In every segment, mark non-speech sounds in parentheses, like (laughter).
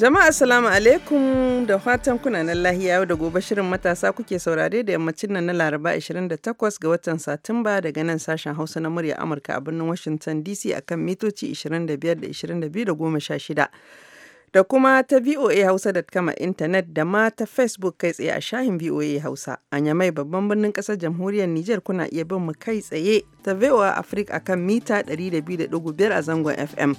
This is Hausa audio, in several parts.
Jama'a assalamu alaikum da fatan kuna nan lahiya yau da gobe shirin matasa kuke saurare da yammacin nan na Laraba 28 ga watan Satumba daga nan sashen Hausa na murya Amurka a birnin Washington DC akan mitoci 25 da 22 da 16. Da kuma ta VOA hausa Hausa.com a intanet da ma ta Facebook kai tsaye a shahin VOA Hausa. A Yamai babban birnin kasar jamhuriyar Nijar kuna iya bin mu kai tsaye ta VOA Africa akan mita 102.5 a zangon FM.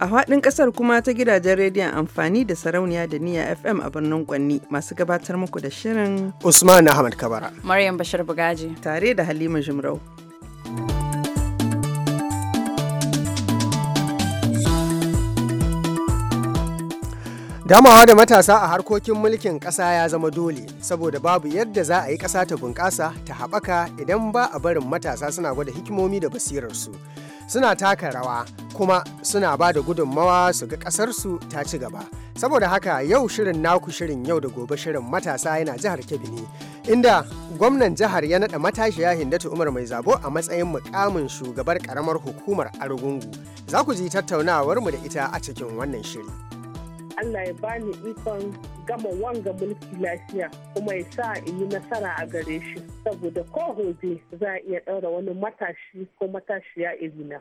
A faɗin ƙasar kuma ta gidajen rediyon amfani da sarauniya da niya FM a birnin Kwanni masu gabatar muku da shirin Usman Ahmad Kabara. Maryam bashar Bugaji. Tare da Halima Jimrau. Damawa da matasa a harkokin mulkin ƙasa ya zama dole, saboda babu yadda za a yi ƙasa ta bunƙasa ta haɓaka idan ba a barin matasa suna gwada hikimomi da basirarsu. Suna taka rawa kuma suna ba da gudunmawa su ga ƙasarsu ta ci gaba. Saboda haka yau shirin naku shirin yau da gobe shirin matasa yana jihar Kebbi ne, inda gwamnan jihar ya naɗa matashiya Hindatu Umar Mai Zabo a matsayin mukamin shugabar ƙaramar hukumar Argungu. Za ku ji tattaunawarmu da ita a cikin wannan shiri. Allah ya bani ikon gama wanga mulki lafiya kuma ya sa in yi nasara a gare shi saboda ko hoje za a iya ɗaura wani matashi ko matashiya irina.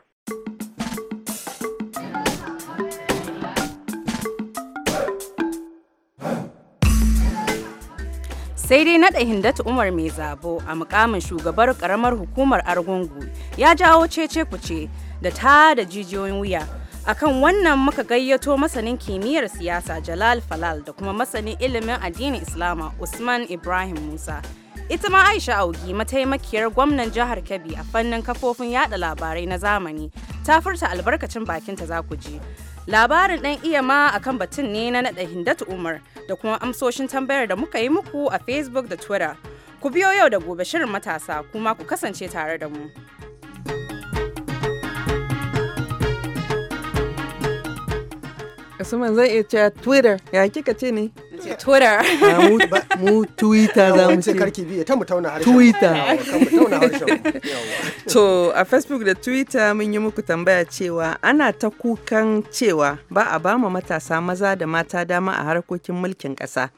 sai dai naɗa hindatu umar mai zabo a mukamin shugabar karamar hukumar argungu ya jawo cece kuce da ta da jijiyoyin wuya akan wannan muka gayyato masanin kimiyyar siyasa jalal falal da kuma masanin ilimin addinin islama usman ibrahim musa ita ma aisha augi mataimakiyar gwamnan jihar kebbi a fannin kafofin yada labarai na zamani ta furta albarkacin bakinta za ku ji labarin ɗan iya ma akan batun ne na naɗa hindatu umar da kuma amsoshin tambayar da muka yi muku a facebook da twitter ku biyo yau da gobe shirin matasa kuma ku kasance tare da mu. me zai iya cewa Twitter ya kika ce ne? Twitter. Ah, mu Twitter za mu ce. Karki mu Twitter. To (laughs) a Facebook da Twitter mun yi muku tambaya cewa ana ta kukan cewa ba a ba mu matasa maza da mata dama a harkokin mulkin ƙasa.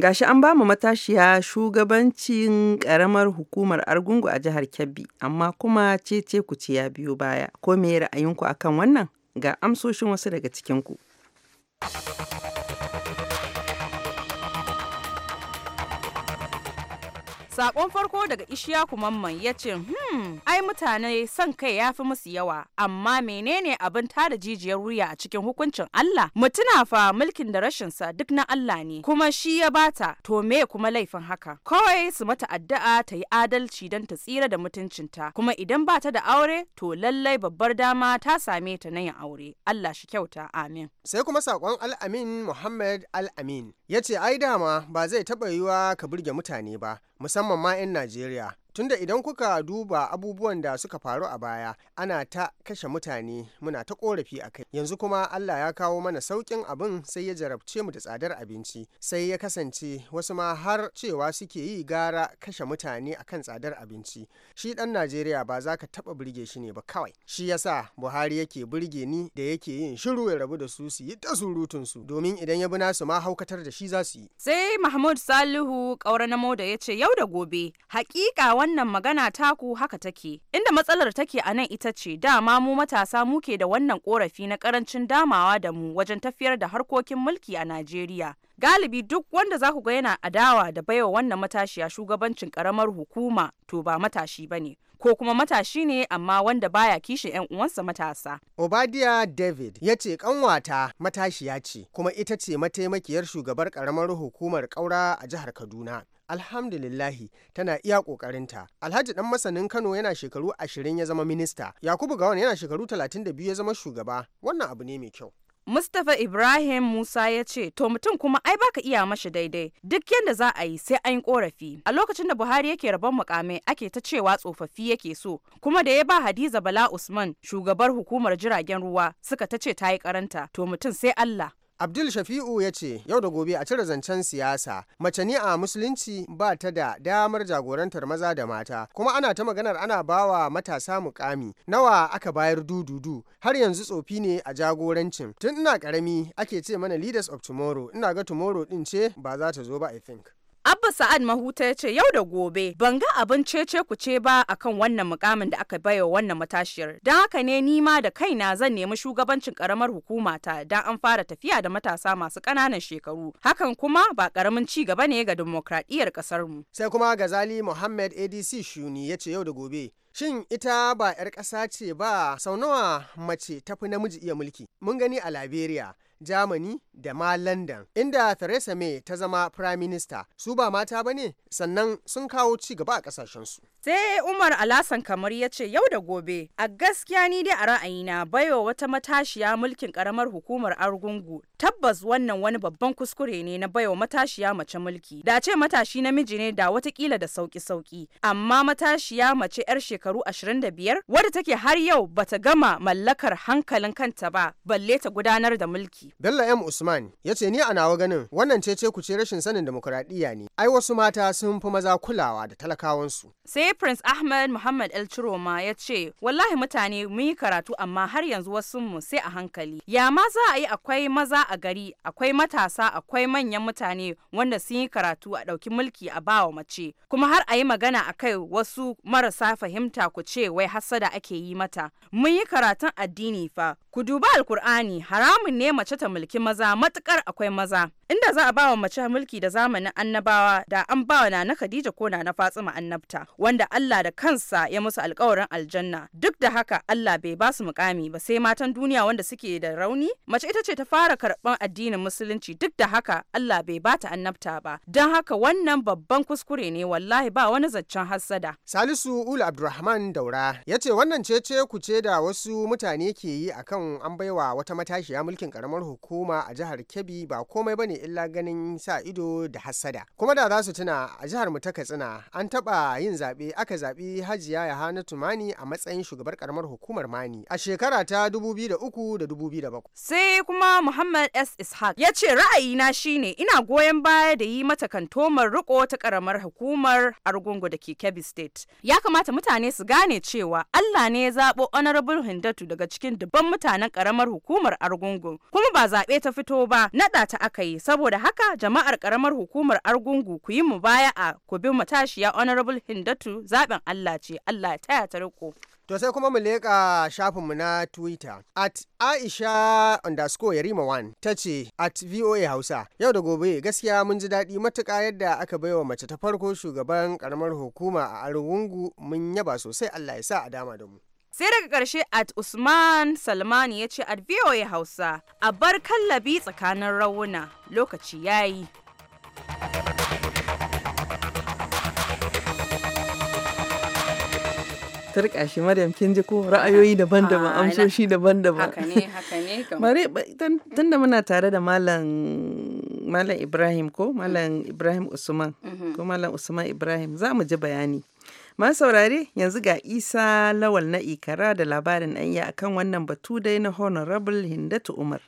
Gashi an ba mu matashiya shugabancin ƙaramar hukumar Argungu a jihar Kebbi, amma kuma ce ce ku ce ya biyo baya. Ko me ra'ayinku akan wannan? Ga amsoshin wasu daga cikinku. ku. Thank you. Sakon farko daga Ishaku Mamman ya ce, "Hmm, ai mutane son kai ya fi musu yawa, amma menene abin tada jijiyar wuya a cikin hukuncin Allah? Mutuna fa mulkin da rashin sa duk na Allah ne, kuma shi ya bata, to me kuma laifin haka? Kawai su mata addu'a ta yi adalci don ta tsira da mutuncinta, kuma idan ba ta da aure, to lallai babbar dama ta same ta na yin aure. Allah shi kyauta, amin. Sai kuma sakon al'amin amin Muhammad Al-Amin ya ce, "Ai dama ba zai taɓa yiwa ka burge mutane ba, musamman ma 'yan Najeriya. tunda idan kuka duba abubuwan da suka faru a baya ana ta kashe mutane muna ta korafi a kai yanzu kuma allah ya kawo mana saukin abin sai ya jarabce mu da tsadar abinci sai ya kasance wasu ma har cewa suke yi gara kashe mutane akan tsadar abinci shi dan najeriya ba za ka taba birge shi ne ba kawai shi yasa buhari yake burge ni da yake yin shiru ya rabu da su su yi ta surutun su domin idan ya bi nasu ma haukatar da shi za su yi sai mahmud salihu kaura na moda ya ce yau da gobe hakika wannan magana taku haka take. Inda matsalar take a nan ita ce dama mu matasa muke da wannan korafi na karancin damawa da mu wajen tafiyar da harkokin mulki a Najeriya. Galibi duk wanda za ku ga yana adawa da baiwa wannan matashiya shugabancin karamar hukuma to ba matashi ba ne. ko kuma matashi ne amma wanda baya kishi 'yan uwansa matasa. Obadiya David ya ce kanwata matashiya ce kuma ita ce mataimakiyar shugabar karamar hukumar kaura a jihar Kaduna. alhamdulillahi tana iya kokarinta alhaji dan masanin kano yana shekaru ashirin ya zama minista yakubu gawan yana shekaru talatin da biyu ya zama shugaba wannan abu ne mai kyau Mustapha Ibrahim Musa ya ce, To mutum kuma ai baka iya mashi daidai, duk yadda za a yi sai an korafi. A lokacin da Buhari yake rabon mukamai ake ta cewa tsofaffi yake so, kuma da ya ba Hadiza Bala Usman shugabar hukumar jiragen ruwa suka ta ce ta yi karanta, to mutum sai Allah. Abdul Shafi'u ya ce yau da gobe a cire zancen siyasa mace ni a musulunci ba ta da damar jagorantar maza da mata kuma ana ta maganar ana bawa matasa mukami nawa aka bayar dududu har yanzu tsofi ne a jagorancin tun ina karami ake ce mana leaders of tomorrow ina ga tomorrow din ce ba za ta zo ba I think. Abba Sa'ad Mahuta ya ce yau da gobe ban ga abin cece ku ce ba akan wannan mukamin da aka baiwa wannan matashiyar. Don haka ne ni ma da kaina zan nemi shugabancin karamar hukuma ta don an fara tafiya da matasa masu ƙananan shekaru. Hakan kuma ba karamin ci gaba ne ga dimokuraɗiyyar ƙasar mu. Sai kuma Gazali Muhammad ADC Shuni ya ce yau da gobe. Shin ita ba 'yar ƙasa ce ba sau nawa mace tafi namiji iya mulki? Mun gani a Liberia. Germany da ma London, inda Theresa May ta zama Prime Minister. Su ba mata ba ne, sannan sun kawo ci gaba a kasashensu. Sai Umar Alasan kamar ya ce yau da gobe, a gaskiya ni dai a ra'ayina baiwa wata matashiya mulkin karamar hukumar Argungu. Tabbas wannan wani babban kuskure ne na baiwa matashiya mace mulki. Da ce matashi namiji ne da watakila da sauki-sauki, amma matashiya mace 'yar shekaru 25 wadda take har yau bata gama mallakar hankalin kanta ba, balle ta gudanar da mulki. mulki. Bello M. Usman ya ce ni a nawa ganin wannan ce ku ce rashin sanin demokuraɗiyya ne. Ai wasu mata sun fi maza kulawa da talakawansu. Sai Prince Ahmed Muhammad El Chiroma ya ce wallahi mutane mun yi karatu amma har yanzu wasu mu sai a hankali. Ya ma za a yi akwai maza a gari akwai matasa akwai manyan mutane wanda sun yi karatu a ɗauki mulki a bawa mace kuma har a yi magana a kai wasu marasa fahimta ku ce wai hassada ake yi mata. Mun yi karatun addini fa ku duba alkur'ani haramun ne mace ta mulki maza matukar akwai maza inda za a ba wa mace mulki da zamanin annabawa da an ba wa na Khadija ko na Fatima annabta wanda Allah da kansa ya musu alkawarin aljanna duk da haka Allah bai ba su mukami ba sai matan duniya wanda suke da rauni mace ita ce ta fara karɓan addinin musulunci duk da haka Allah bai ba ta annabta ba don haka wannan babban kuskure ne wallahi ba wani zaccen hassada Salisu Ul Abdulrahman Daura ya ce wannan ku ce da wasu mutane ke yi akan an baiwa wata matashiya mulkin karamar hukuma a jihar Kebbi ba komai bane illa ganin sa ido da hassada kuma da za su tuna a jihar mu ta katsina an taɓa yin zaɓe aka zaɓi hajiya yahanatu mani a matsayin shugabar karamar hukumar mani a shekara ta 2003 da 2007 sai kuma muhammad s ishaq ya ce ra'ayi na shine ina goyon baya da yi mata kantomar riko ta karamar hukumar argungu da ke kebbi state ya kamata mutane su gane cewa allah ne ya zaɓo honorable hindatu daga cikin dubban mutanen karamar hukumar argungu kuma ba zaɓe ta fito ba naɗa ta aka yi saboda haka jama'ar karamar hukumar argungu ku yi mu baya a ku bi matashiya honorable hindatu zaben allah ce allah ya taya ta riko To sai kuma mu leƙa mu na Twitter. At Aisha underscore Yarima One ta ce at VOA Hausa. Yau da gobe gaskiya mun ji daɗi matuƙa yadda aka wa mace ta farko shugaban karamar hukuma a Argungu mun yaba sosai Allah ya sa a dama da mu. sai daga ƙarshe at usman salman ya ce at voa hausa a bar kallabi tsakanin rawuna lokaci yayi turka shi Maryam kin ji ko ra'ayoyi daban-daban amsoshi daban-daban haka ne haka ne (laughs) tun da muna tare da malam malam Ibrahim ko malam Ibrahim Usman mhm. ko malam Usman Ibrahim za mu ji bayani Ma saurare yanzu ga Isa Lawal na Ikara da labarin ɗanya akan wannan batu dai na Honorable Hindatu Umar.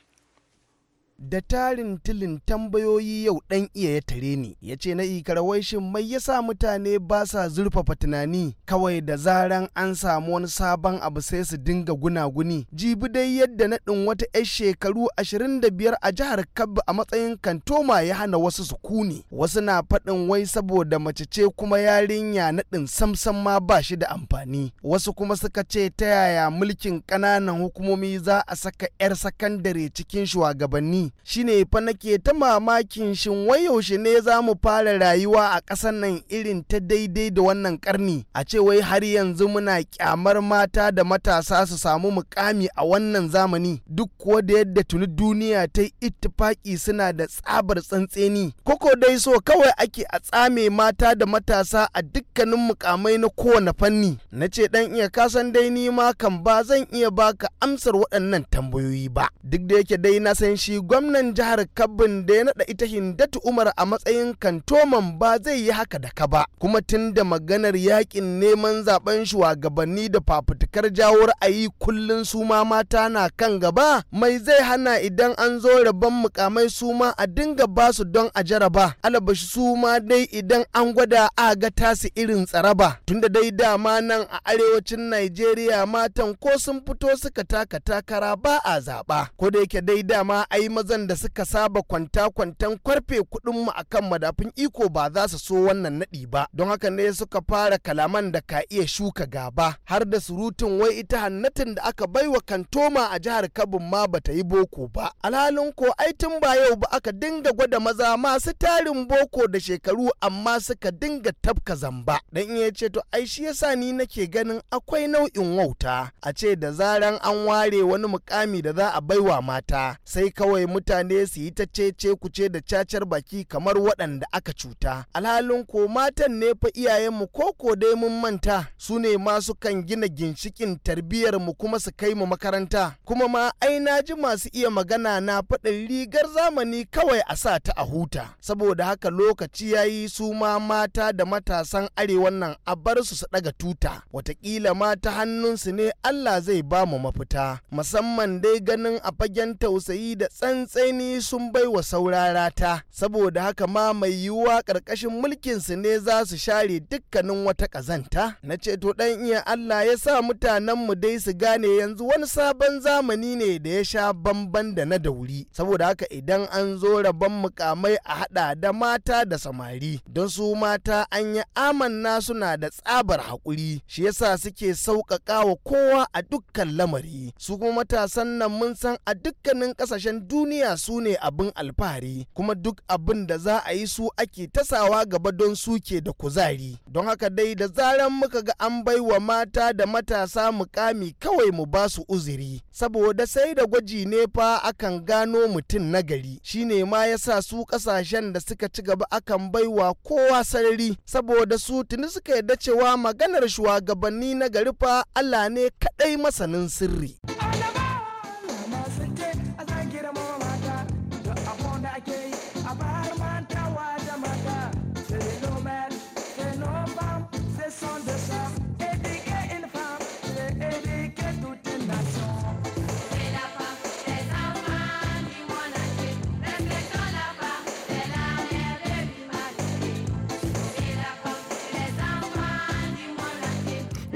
da tarin tilin tambayoyi yau ɗan iya ya tare ni ya ce na ikarawaishin shin mai yasa mutane ba sa zurfafa tunani kawai da zaran an samu wani sabon abu sai su dinga gunaguni jibi dai yadda naɗin wata 'yar shekaru 25 a jihar kabba a matsayin kantoma ya hana wasu su kuni wasu na faɗin wai saboda mace ce kuma yarinya naɗin samsam ma ba shi da amfani wasu kuma suka ce ta yaya mulkin ƙananan hukumomi za a saka 'yar sakandare cikin shugabanni Shi shine fa nake ta mamakin shin wai yaushe ne za mu fara rayuwa a ƙasar nan irin ta daidai da wannan karni a ce wai har yanzu muna kyamar mata da matasa su samu mukami a wannan zamani duk kuwa da yadda tuni duniya ta ittifaki suna da tsabar tsantseni koko dai so kawai ake a tsame mata da matasa a dukkanin mukamai na kowane fanni na ce dan iya kasan dai ni ma kan ba zan iya baka amsar waɗannan tambayoyi ba duk da yake dai na san shi gwamnan jihar Kabin da ya naɗa ita Hindatu Umar a matsayin kantoman ba zai yi haka da ka ba. Kuma tun da maganar yakin neman zaben shugabanni da fafutukar jawo ra'ayi kullun suma mata na kan gaba mai zai hana idan an zo rabon mukamai suma a dinga ba su don a jaraba. Alabashi su ma dai idan an gwada a ga tasi irin tsaraba. Tunda dai dama nan a arewacin Najeriya matan ko sun fito suka taka takara ba a zaɓa. Ko da yake dai dama ai maza da suka saba kwanta-kwantan kwarfe kuɗinmu a kan madafin iko ba za su so wannan naɗi ba don haka ne suka fara kalaman da ka iya shuka gaba har da surutun wai ita hannatin da aka baiwa kantoma a jihar kabin ma bata yi boko ba alhalin ko ai tun ba yau ba aka dinga gwada maza masu tarin boko da shekaru amma suka dinga tafka zamba dan iya ce to ai shi yasa ni nake ganin akwai nau'in wauta a ce da zaran an ware wani mukami da za a baiwa mata sai kawai mutane su yi ta cece kuce da cacar baki kamar waɗanda aka cuta alhalin ko matan ne fa iyayenmu ko ko dai mun manta su ne masu kan gina ginshikin tarbiyyar mu kuma su kai mu makaranta kuma ma ai na ji masu iya magana na faɗin rigar zamani kawai a sa ta a huta saboda haka lokaci yayi su ma mata da matasan arewa nan a bar su su ɗaga tuta watakila ma ta hannunsu ne Allah zai ba mu mafita musamman dai ganin a fagen tausayi da tsan ɗan tsaini sun bai wa saurara ta saboda haka ma mai yiwuwa ƙarƙashin mulkin su ne za su share dukkanin wata ƙazanta na ce to ɗan iya allah ya sa mutanenmu dai su gane yanzu wani sabon zamani ne da ya sha bamban da na dauri saboda haka idan an zo rabon mukamai a haɗa da mata da samari don su mata an yi amanna suna da tsabar haƙuri shi yasa suke sauƙaƙa wa kowa a dukkan lamari su kuma matasan nan mun san a dukkanin ƙasashen duniya duniya su ne abin alfahari kuma duk abin da za a yi su ake tasawa gaba don suke da kuzari don haka dai da zaran muka ga an bai wa mata da matasa mukami kawai mu ba su uzuri saboda sai da gwaji ne fa akan gano mutum nagari shi shine ma ya sa su kasashen da suka ci gaba akan baiwa kowa sarari saboda su tuni suka yarda cewa maganar shugabanni na gari fa Allah ne kadai masanin sirri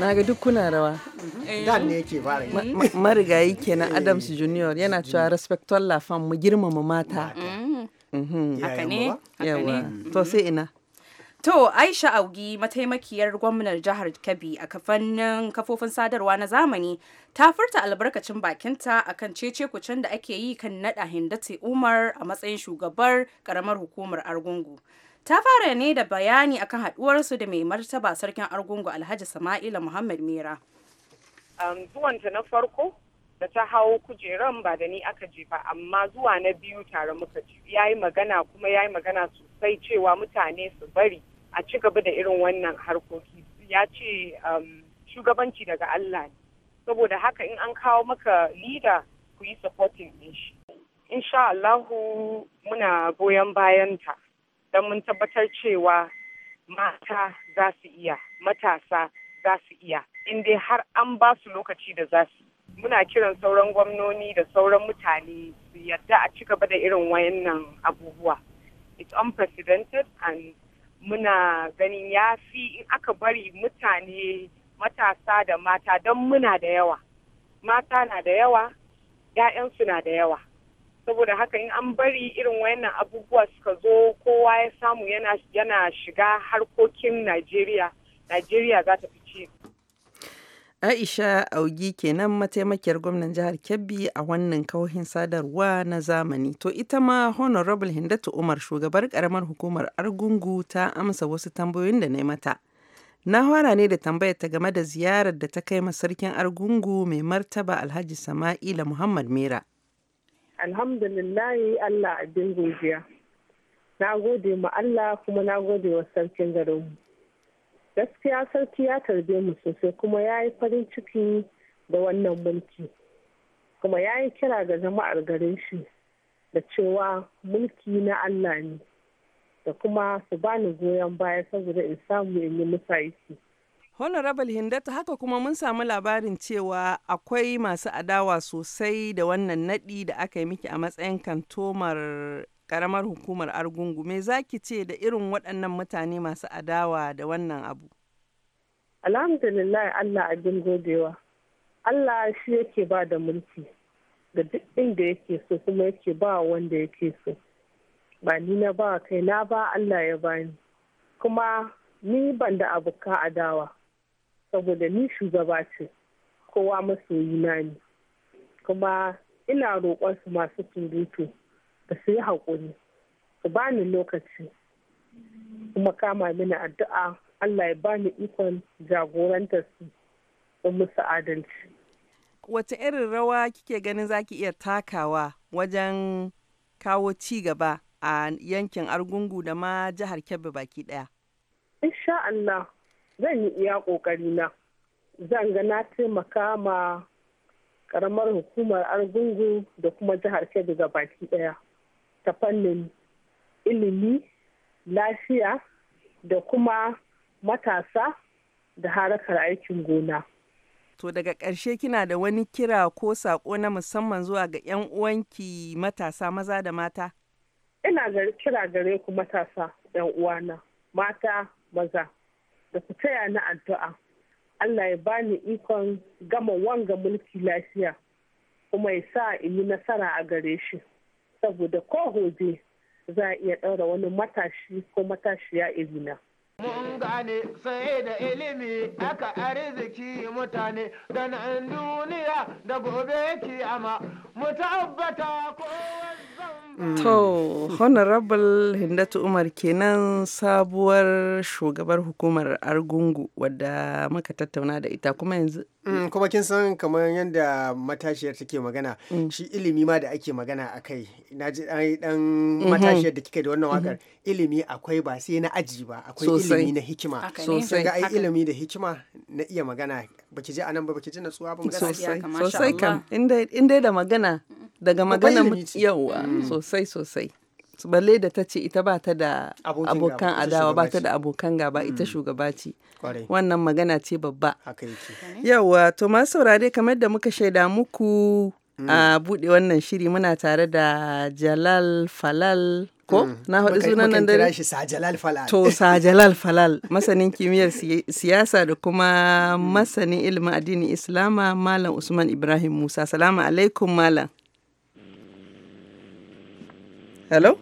na ga duk kuna rawa eh. dan ne yake fara marigayi kenan adams junior yana cewa respectful la femme mu girmama mata haka mm. mhm. ne yawa to mm-hmm. sai ina To Aisha Augi mataimakiyar gwamnar jihar Kebbi a kafannin kafofin sadarwa na zamani ta furta albarkacin bakinta akan cece kucin da ake yi kan nada Hindati Umar a matsayin shugabar karamar hukumar Argungu. ta fara ne da bayani akan haduwarsu da mai martaba sarkin argungu alhaji sama'ila muhammad mera zuwanta na farko da ta hawo kujeran ba da ni aka je ba amma zuwa na biyu tare muka ji ya yi magana kuma ya yi magana sosai cewa mutane su bari a ci gaba da irin wannan harkoki ya ce shugabanci daga allah ne saboda haka in an kawo maka lida ku yi supporting shi insha Allahu muna goyon bayanta don mun tabbatar cewa mata za su iya matasa za su iya in dai har an ba su lokaci da za su muna kiran sauran gwamnoni da sauran mutane su yadda a ci gaba da irin wayannan abubuwa it's unprecedented and muna ganin ya fi in aka bari mutane matasa da mata don muna da yawa mata na da yawa 'ya'yansu na da yawa saboda haka in an bari irin wayannan abubuwa suka zo kowa ya samu yana, shiga harkokin najeriya najeriya za ta fi ci aisha augi kenan mataimakiyar gwamnan jihar kebbi a wannan kauhin sadarwa na zamani to ita ma honorable hindatu umar shugabar karamar hukumar argungu ta amsa wasu tambayoyin da na mata na fara ne da tambayar ta game da ziyarar da ta kai masarkin argungu mai martaba alhaji sama'ila muhammad mera alhamdulillahi allah abin godiya na gode ma allah kuma na gode wa sarkin garinmu gaskiya sarki ya tarbe mu sosai kuma ya yi farin ciki da wannan mulki kuma ya yi kira ga jama'ar garin shi da cewa mulki na allah ne da kuma su bani goyon baya saboda in samu in yi musa Honorable Hindata haka kuma mun samu labarin cewa akwai masu adawa sosai da wannan nadi da aka yi miki a matsayin kantomar karamar hukumar Argungu. Me za ki ce da irin waɗannan mutane masu adawa da wannan abu? Alhamdulillah Allah abin godewa. Allah shi yake ba da mulki ga duk inda yake so kuma yake ba wanda yake so. Ba ni na ba kai na ba Allah ya bani. Kuma ni ban da abuka adawa. saboda ni shugaba ce kowa masoyi na ne kuma ina roƙon su masu surutu da su yi haƙuri su ni lokaci kuma kama mini addu'a Allah ya bani ikon jagorantar su musu adalci. Wace irin rawa kike ganin zaki iya takawa wajen kawo ci gaba a yankin Argungu da ma jihar Kebbi baki ɗaya? Insha Allah zan yi iya ƙoƙari na zan ga na taimaka ma ƙaramar hukumar argungu da kuma jihar kebbi ga baki ɗaya, ta fannin ilimi lafiya da kuma matasa da harakar aikin gona to daga ƙarshe kina da wani kira ko saƙo na musamman zuwa ga 'yan uwanki matasa maza da mata ina kira gare ku matasa 'yan uwana mata maza da ku taya na addu'a Allah ya bani ikon gama wanga mulki lafiya kuma ya sa in yi nasara a gare shi saboda ko hoje za a iya ɗaura wani matashi ko matashiya irina. mun gane sai da ilimi aka arziki mutane da nan duniya da gobe kiyama mu tabbata ko mm. To, Honorable Hindatu Umar kenan sabuwar shugabar hukumar Argungu wadda muka tattauna da ita kuma yanzu Mm, kuma kin san kamar yadda matashiyar take magana mm. shi ilimi ma da ake magana a kai na ji dan mm-hmm. matashiyar da kika da wannan wakar mm-hmm. ilimi akwai ba sai na aji ba akwai ilimi na hikima sosai ga ai ilimi da hikima na iya magana baki ji anan ba baki ji natsuwa ba magana sosai sosai kam inda da magana daga magana yawa mm. sosai sosai balle da ta ce ita ba ta da abokan adawa ba ta da abokan gaba ita mm. shugaba ce wannan magana ce babba yauwa to masu saurare kamar da muka shaida muku mm. a buɗe wannan shiri muna tare da jalal falal ko mm. na haɗu sunan nan dare to sa jalal falal masanin kimiyyar siyasa da kuma masanin ilimin addinin islama malam usman ibrahim musa salamu alaikum malam hello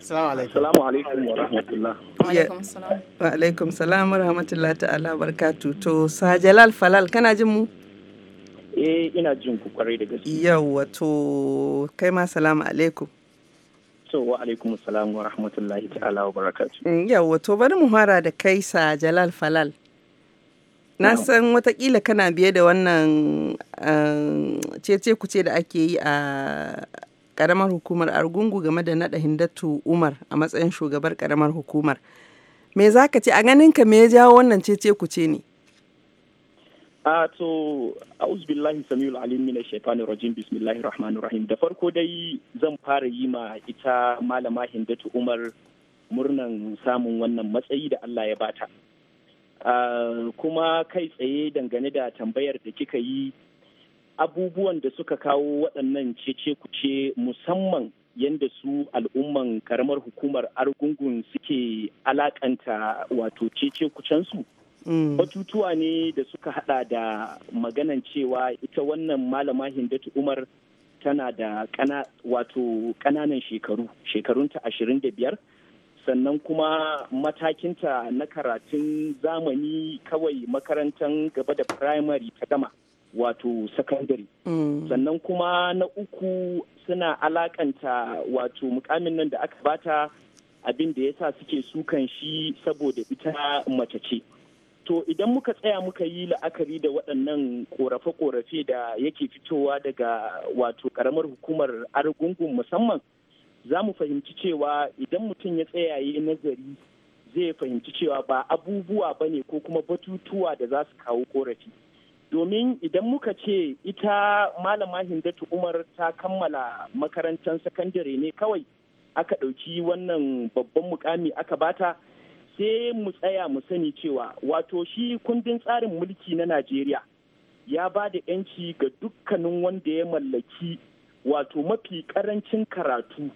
Assalamu alaikum. alaikum wa rahmatullah. Wa alaikum salam. Wa alaikum salam wa rahmatullah ta'ala barkatu. To Jalal Falal kana jin mu? Eh ina jin ku kwarai da gaske. Yawwa to kai ma salamu alaikum. To wa alaikum salam wa rahmatullahi ta'ala wa barakatu. Mm, yawwa to bari mu fara da kai Sajalal Falal. Na san watakila kana biye da wannan um, cece kuce da ake yi a karamar hukumar Argungu game da naɗa Hindatu Umar a matsayin shugabar karamar hukumar. Me za ka ce a ganinka me ya jawo wannan cece ce ne? a to auzubillahi samiul alim min shaitanir rajim bismillahir rahmanir rahim da farko dai zan fara yi ma ita malama Hindatu Umar murnan samun wannan matsayi da Allah ya bata. Ah, kuma kai tsaye dangane da tambayar da kika yi abubuwan da suka kawo waɗannan cece kuce musamman yadda su al'umman karamar hukumar argungun suke alakanta wato cece kucensu mm. batutuwa ne da suka hada da maganan cewa ita wannan malama hindatu umar tana da wato kananan shekaru shekarunta ashirin da biyar sannan kuma matakinta na karatun zamani kawai makarantar gaba da firamare ta gama wato sakandare mm. sannan kuma na uku suna alakanta wato mukamin nan da aka bata abin da sa suke sukan shi saboda ita mace ce to idan muka tsaya muka yi la'akari da waɗannan ƙorafe korafe da yake fitowa daga wato ƙaramar hukumar argungun musamman za mu fahimci cewa idan mutum ya tsaya yi nazari zai fahimci cewa ba abubuwa ba ne ko kuma batutuwa da za su kawo ƙorafi. domin idan muka ce ita malama hindatu umar ta kammala makarantar sakandare ne kawai aka ɗauki wannan babban mukami aka bata sai mu tsaya mu sani cewa wato shi kundin tsarin mulki na najeriya ya ba da 'yanci ga dukkanin wanda ya mallaki wato mafi karancin karatu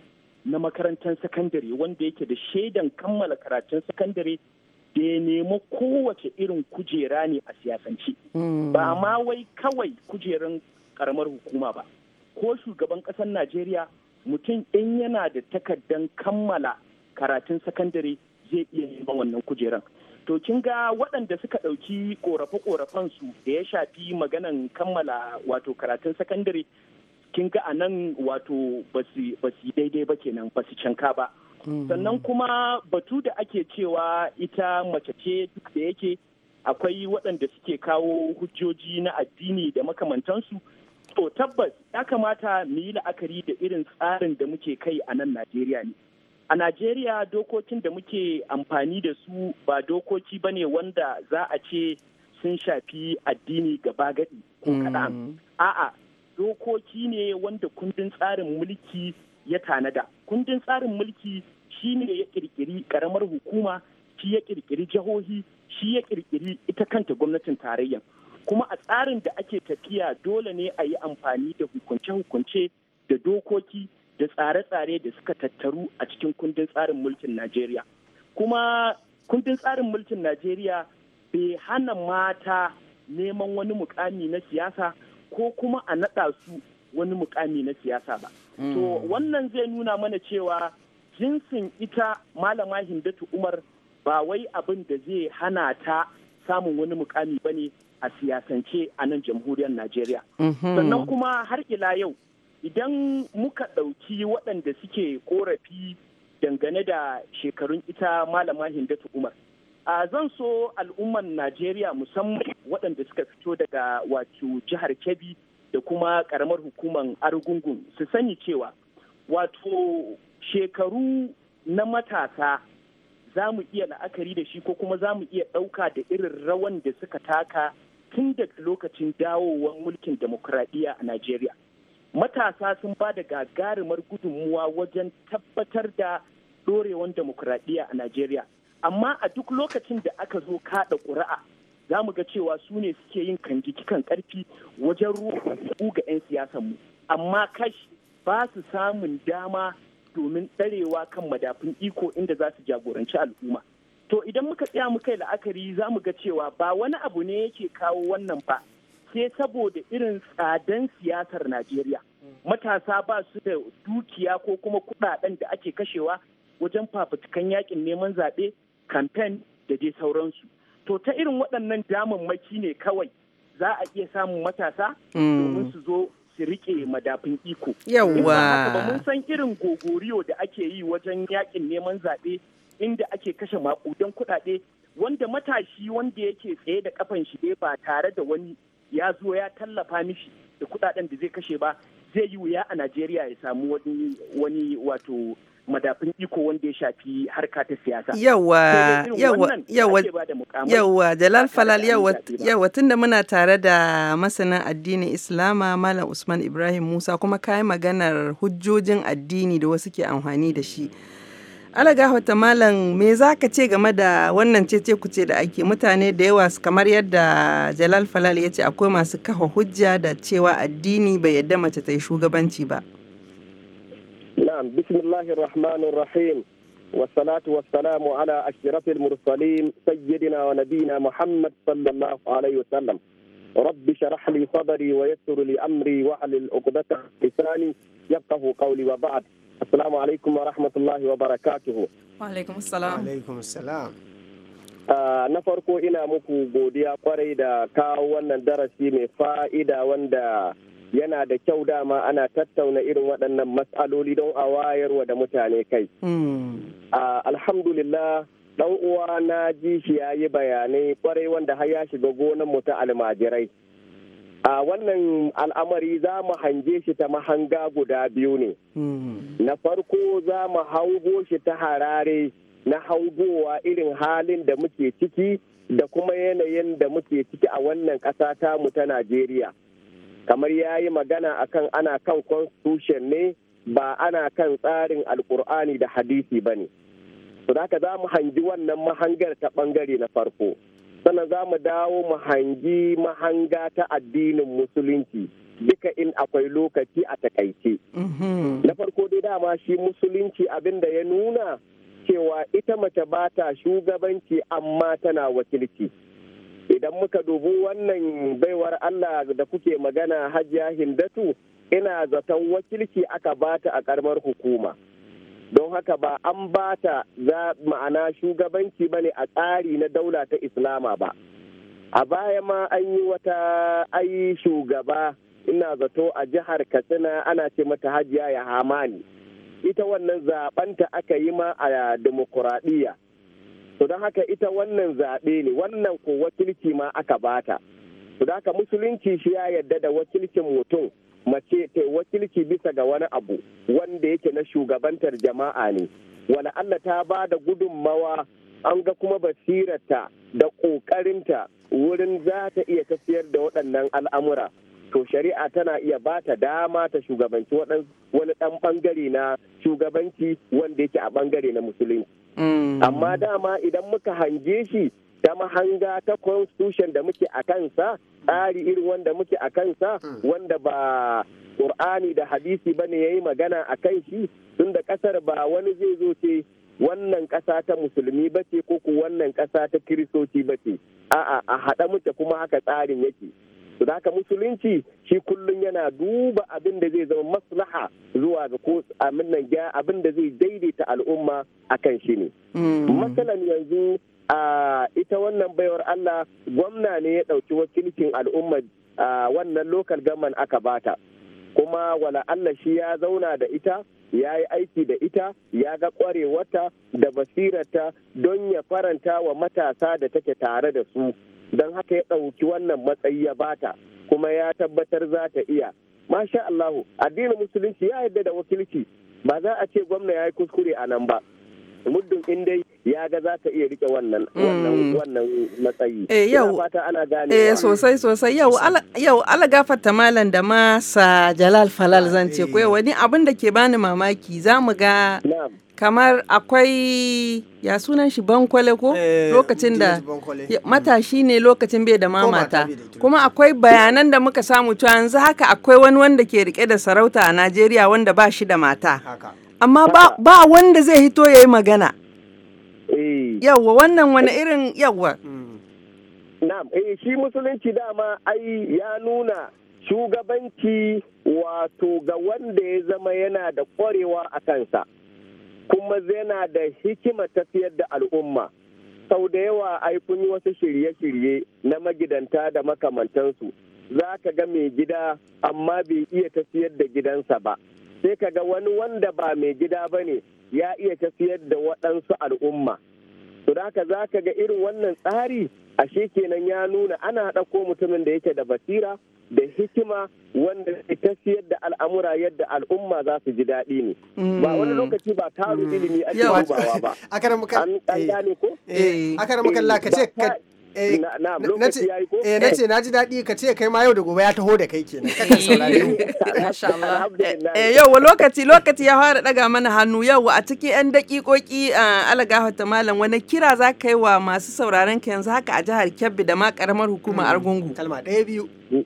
na makarantar sakandare wanda yake da shaidan kammala karatun sakandare da ya nemi kowace irin kujera ne a siyasance hmm. ba ma wai kawai kujeran karamar hukuma ba ko shugaban ƙasar najeriya mutum in yana da takardan kammala karatun sakandare zai iya neman wannan kujeran to kin ga waɗanda suka ɗauki ƙorafe-ƙorafen su da ya shafi maganan kammala wato karatun sakandare kin ga a nan wato ba su daidai ba kenan ba su canka ba Mm. sannan kuma batu da ake cewa ita mace ce duk da yake akwai waɗanda suke kawo hujjoji na addini da makamantansu to tabbas ya kamata mu yi la'akari da irin tsarin da muke kai a nan najeriya ne a najeriya dokokin da muke amfani da su ba dokoki ba ne wanda za a ce sun shafi addini gaba gadi ko kaɗan mm. a'a dokoki ne wanda kundin tsarin mulki ya tanada kundin tsarin mulki shi ne ya kirkiri karamar hukuma shi ya kirkiri jihohi shi ya kirkiri ita kanta gwamnatin tarayya kuma a tsarin da ake tafiya dole ne a yi amfani da hukunce-hukunce da dokoki da tsare-tsare da suka tattaru a cikin kundin tsarin mulkin najeriya kuma kundin tsarin mulkin najeriya bai hana mata neman wani mukami na siyasa ko kuma a naɗa su wani mukami na siyasa ba. Hmm. To wannan zai nuna mana cewa jinsin ita malama Hindatu Umar ba wai abin da zai hana ta samun wani mukami ba ne a siyasance a nan jamhuriyar Najeriya. Mhm. Sannan kuma har ila yau idan muka ɗauki waɗanda suke ƙorafi dangane da shekarun ita malama Hindatu Umar. a zan so al'umman najeriya musamman waɗanda suka fito daga wato jihar kebbi da kuma karamar hukumar argungun su sani cewa wato shekaru na matasa za mu iya la'akari da shi ko kuma za mu iya ɗauka da irin rawan da suka taka tun daga lokacin dawowar mulkin demokuraɗiyya a Najeriya. Matasa sun ba da gagarumar gudunmuwa wajen tabbatar da ɗorewan demokuraɗiyya a Najeriya. Amma a duk lokacin da aka zo kaɗa ƙuri'a za mu ga cewa su ne suke yin kangikikan karfi wajen ruwa ga 'yan siyasanmu amma kashi ba su samun dama domin tsarewa kan madafin iko inda za su jagoranci al'umma to idan muka tsaya muka yi la'akari za mu ga cewa ba wani abu ne yake kawo wannan ba sai saboda irin tsadan siyasar najeriya matasa ba su da dukiya ko kuma kudaden da ake kashewa wajen fafutukan yakin neman zaɓe kamfen da dai sauransu to ta irin waɗannan damammaki ne kawai za a iya samun matasa mm. domin su zo su riƙe madafin iko yawwa mun san irin gogoriyo da ake yi wajen yakin neman zaɓe inda ake kashe maƙudan kuɗaɗe wanda matashi wanda yake tsaye da kafan shi ne ba tare da wani ya zo ya tallafa mishi da kuɗaɗen da zai kashe ba zai yi wuya a najeriya ya samu wani wato madafin iko wanda ya shafi harka ta siyasa. Yawa, yawa, yawa, Jalal Falal, yawa, tunda muna tare da masanin addinin Islama Malam Usman Ibrahim Musa kuma kayi maganar hujjojin addini da wasu ke amfani da shi. alaga wata malam me za ka ce game da wannan cece kuce da ake mutane da yawa kamar yadda jalal falal ya ce akwai masu kafa hujja da cewa addini bai yadda mace ta yi shugabanci ba. نعم بسم الله الرحمن الرحيم والصلاة والسلام على أشرف المرسلين سيدنا ونبينا محمد صلى الله عليه وسلم رب شرح لي صدري ويسر لي أمري وعلل عقدة لساني يفقه قولي وبعد السلام عليكم ورحمة الله وبركاته وعليكم السلام وعليكم السلام na farko ina muku godiya kwarai da kawo wannan darasi mai fa'ida wanda yana da kyau dama ana tattauna irin waɗannan matsaloli don a wayarwa da mutane kai. Hmm. Alhamdulillah ɗan uwa na ji shi ya yi bayanai kwarai wanda har ya shiga gonan mu ta almajirai. A wannan al'amari za mu hange shi ta mahanga guda biyu ne. Hmm. Na farko za mu haugo shi ta harare na haugowa irin halin da muke ciki da kuma yanayin da muke ciki a wannan ƙasa mu ta Najeriya. kamar ya yi magana akan ana kan constitution ne ba ana kan tsarin alkur'ani da hadisi ba ne su da za mu hangi wannan mahangar ta bangare na farko sannan za mu dawo mu hangi mahanga ta addinin musulunci duka in akwai lokaci a takaice mm-hmm. na farko dai dama shi musulunci abin da ya nuna cewa ita mace ba ta shugabanci amma tana wakilci. idan muka dubu wannan baiwar allah da kuke magana hajiya hindatu ina zaton wakilci aka bata a karamar hukuma don haka ba an bata za ma'ana shugabanci ba ne a tsari na daula ta islama ba a baya ma an yi wata ai shugaba ina zato a jihar katsina ana ce mata hajiya ya hamani ita wannan zaɓanta aka yi ma a demokuraɗiyya to don haka ita wannan zaɓe ne wannan ko wakilci ma aka bata to don haka musulunci shi ya yarda da wakilcin mutum mace ta wakilci bisa ga wani abu wanda yake na shugabantar jama'a ne wala Allah ta ba da gudunmawa an ga kuma basirarta da ƙoƙarinta wurin za ta iya tafiyar da waɗannan al'amura to shari'a tana iya ba ta dama ta shugabanci wani ɗan ɓangare na shugabanci wanda yake a ɓangare na musulunci. Mm. Amma dama idan muka hange shi ta mahanga ta constitution da muke a kansa tsari irin wanda muke a kansa mm. wanda ba ƙur'ani da hadisi ba ne ya yi magana a kan shi tun da ƙasar ba wani zai zo ce wannan ƙasa ta musulmi ba ce ko ku wannan ƙasa ta kiristoci ba ce a'a a haɗa muke kuma haka tsarin yake su haka musulunci shi kullum yana duba abin da zai zama maslaha zuwa ga ko abin da zai daidaita al'umma akan shi ne mm. matsalan yanzu a ita wannan baiwar Allah gwamna ne ya ɗauki wakilcin al'umma wannan lokal gaman aka bata kuma wala Allah shi ya zauna da ita ya yi aiki da ita ya ga ƙwarewata da basirarta don ya faranta wa matasa da take tare da su don haka ya ɗauki wannan matsayi ya bata kuma ya tabbatar za ta iya masha Allahu addinin musulunci ya yarda da wakilci ba za a ce gwamna ya yi kuskure a nan ba muddin in dai ya ga za ta iya rike hmm. wannan wannan matsayi eh yau fata ana gane eh sosai sosai yau yau ala ta malam da masa Jalal Falal zan ce ko wani abin da ke bani mamaki zamu ga kamar akwai ya sunan shi bankwale ko eh, lokacin da matashi ne lokacin bai da mamata kuma akwai bayanan da muka samu cewa yanzu haka akwai wani wanda ke rike da sarauta a Najeriya wanda ba shi da mata amma ba wanda zai hito ya yi magana eh. yawwa wannan wani irin yawwa mm. eh, shi musulunci dama ai ya nuna shugabanci wato ga wanda ya zama yana da kwarewa a kansa kuma yana da hikima tafiyar da al'umma sau da yawa ai kun yi wasu shirye-shirye na magidanta da makamantansu za ka ga mai gida amma bai iya tafiyar da gidansa ba sai ka ga wani wanda ba mai gida ba ne ya iya tafiyar da waɗansu al'umma to da haka za ka ga irin wannan tsari ashe kenan ya nuna ana ɗauko mutumin da yake da basira da hikima wanda siyar da al'amura yadda al'umma za su ji daɗi ne ba wani mm. lokaci ba karu mm. ilimi ake dubawa ba a eh. eh. eh, lakace Eh, eh, na ce na ji daɗi ka ce kai ma yau da gobe ya taho da kai kenan (laughs) eh, yau lokaci lokaci ya fara daga mana hannu yau a cikin yan dakikoki alagawa ta malam wani kira za ka yi wa masu sauraron ka yanzu haka a jihar Kebbi da ma karamar hukumar hmm. Argungu kalma ɗaya biyu hmm.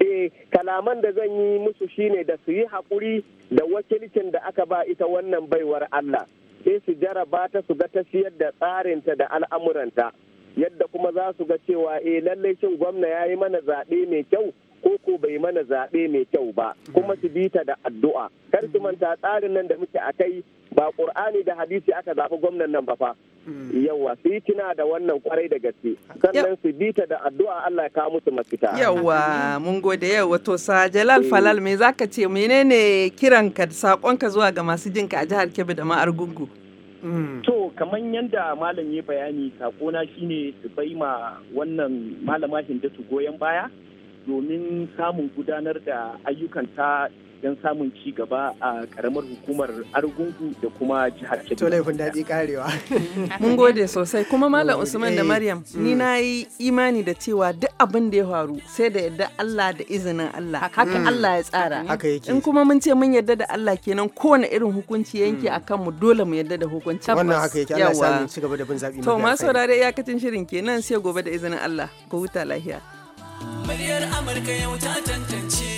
eh kalaman da zan yi musu shine da su yi haƙuri da wakilcin da aka ba ita wannan baiwar Allah sai su jaraba ta su ga ta siyar da tsarinta da al'amuranta yadda kuma za su ga cewa eh lallai shin gwamna ya yi mana zaɓe mai kyau ko ko bai mana zaɓe mai kyau ba kuma su bita da addu'a kar su manta tsarin nan da muke a kai ba ƙur'ani da hadisi aka zaɓi gwamnan nan ba fa hmm. yawa su yi tuna da wannan kwarai da gaske sannan su bi ta da addu'a Allah ya kawo musu mafita yawa mun gode yawa to sa Jalal eh. Falal me zaka ce menene kiranka da sakonka zuwa ga masu jinka a jihar Kebbi da ma Argungu Mm. To kamar yadda malam ya bayani sakona shine su bai wannan malama Hindatu goyon baya domin samun gudanar da ayyukan ta don samun ci gaba a karamar hukumar argungu da kuma jihar kebbi to laifin daɗi karewa (laughs) mun gode sosai kuma malam usman da maryam eh, ni mm. na yi imani da cewa duk abin da ya faru sai da yadda allah da izinin allah haka allah ya tsara in kuma mun ce mun yadda da allah kenan kowane irin hukunci yanke mm. a kanmu dole mu yadda da hukunci wannan haka yake allah ya samu ci gaba da bin zaɓi to masu saurare iyakacin shirin kenan sai gobe da izinin allah ku huta lahiya Muryar Amurka yau ta tantance